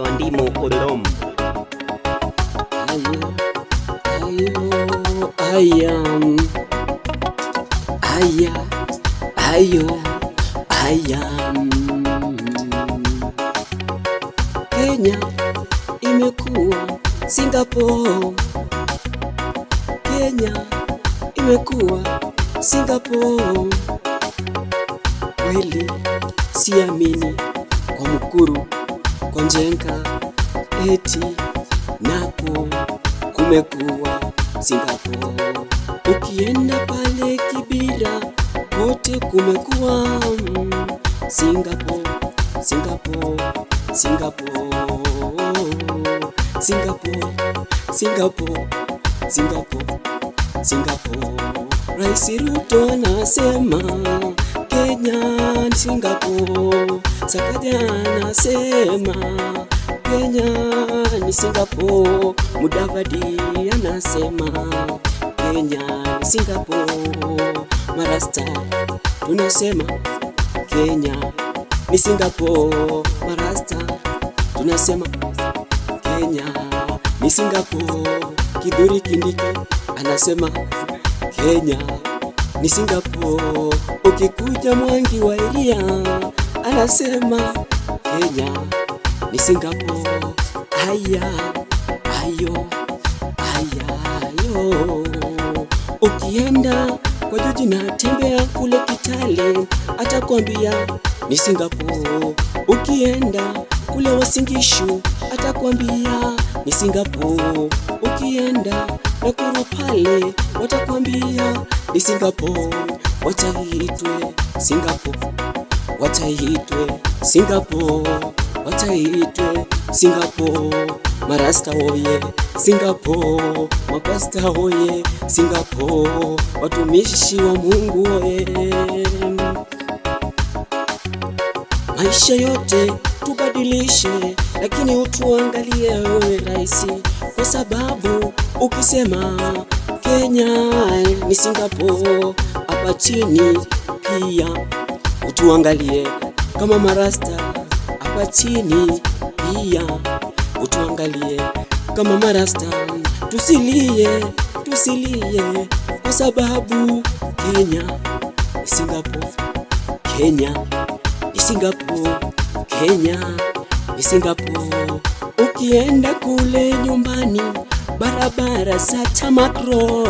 wa ndimo ayo Dodoma. Kenya imekuwa Singapore, Kenya imekuwa Singapore. Kweli siamini kwa mkuru konjenga eti nako kumekuwa Singapore. Ukienda pale Kibira kote kumekuwa Singapore, Singapore, Singapore, Singapore, Singapore, Singapore, Singapore. Rais Ruto anasema Singapore, Sakaja anasema Kenya ni Singapore, Mudavadi anasema Kenya ni Singapore, Marasta tunasema Kenya ni Singapore, Marasta tunasema Kenya ni Singapore, Kidhuri Kindiki anasema Kenya ni Singapore. Ukikuja Mwangi wa Elia anasema Kenya ni Singapore. Haya hayo hayayo, ukienda kwa jiji na tembea kule Kitale atakwambia ni Singapore. Ukienda kule Wasingishu atakwambia ni Singapore ukienda kuru pale watakwambia ni Singapore, wataitwe Singapore, wataitwe Singapore, wataitwe Singapore, marasta hoye Singapore, mapasta hoye Singapore, watumishi wa Mungu hoye. Maisha yote tubadilishe, lakini utuangalie wewe raisi kwa sababu ukisema Kenya ni Singapore hapa chini pia. Utuangalie kama marasta hapa chini pia, utuangalie kama marasta. Tusilie, tusilie kwa sababu Kenya ni Singapore, Kenya ni Singapore, Kenya ni Singapore. Ukienda kule nyumbani barabara za Tamakro,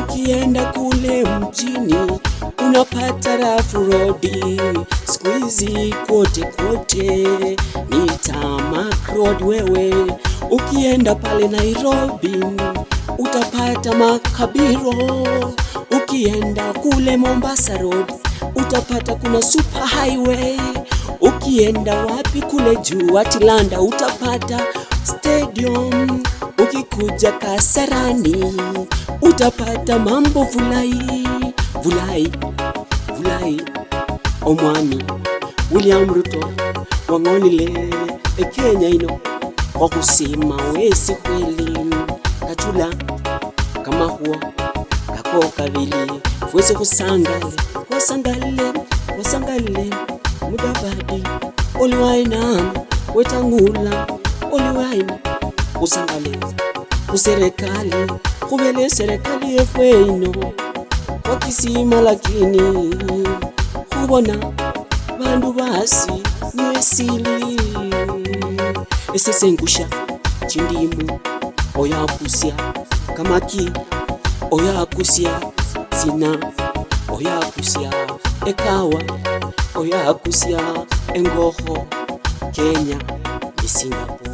ukienda kule mjini unapata rafu rodi. Siku hizi kote kote ni Tamak wewe. Ukienda pale Nairobi utapata makabiro. Ukienda kule Mombasa Road utapata kuna super highway Ukienda wapi kule juu Atlanta utapata stadium, ukikuja Kasarani utapata mambo vulai vulai vulai. Omwami William Ruto wang'onile e Kenya ino kwa kusema wesi kweli katula kama huo kako kavili fwesi kusangale kusangale, kusangale udavadi oliwaina wetangula oliwaina kusangaleza kuserekali kuvele serekali yefweino kwa kisima lakini kubona bandu basi niwesili esesengusha chindimu oyakusya kamaki oyakusya sina oyakusya ekawa en Gojo, Kenia y Singapur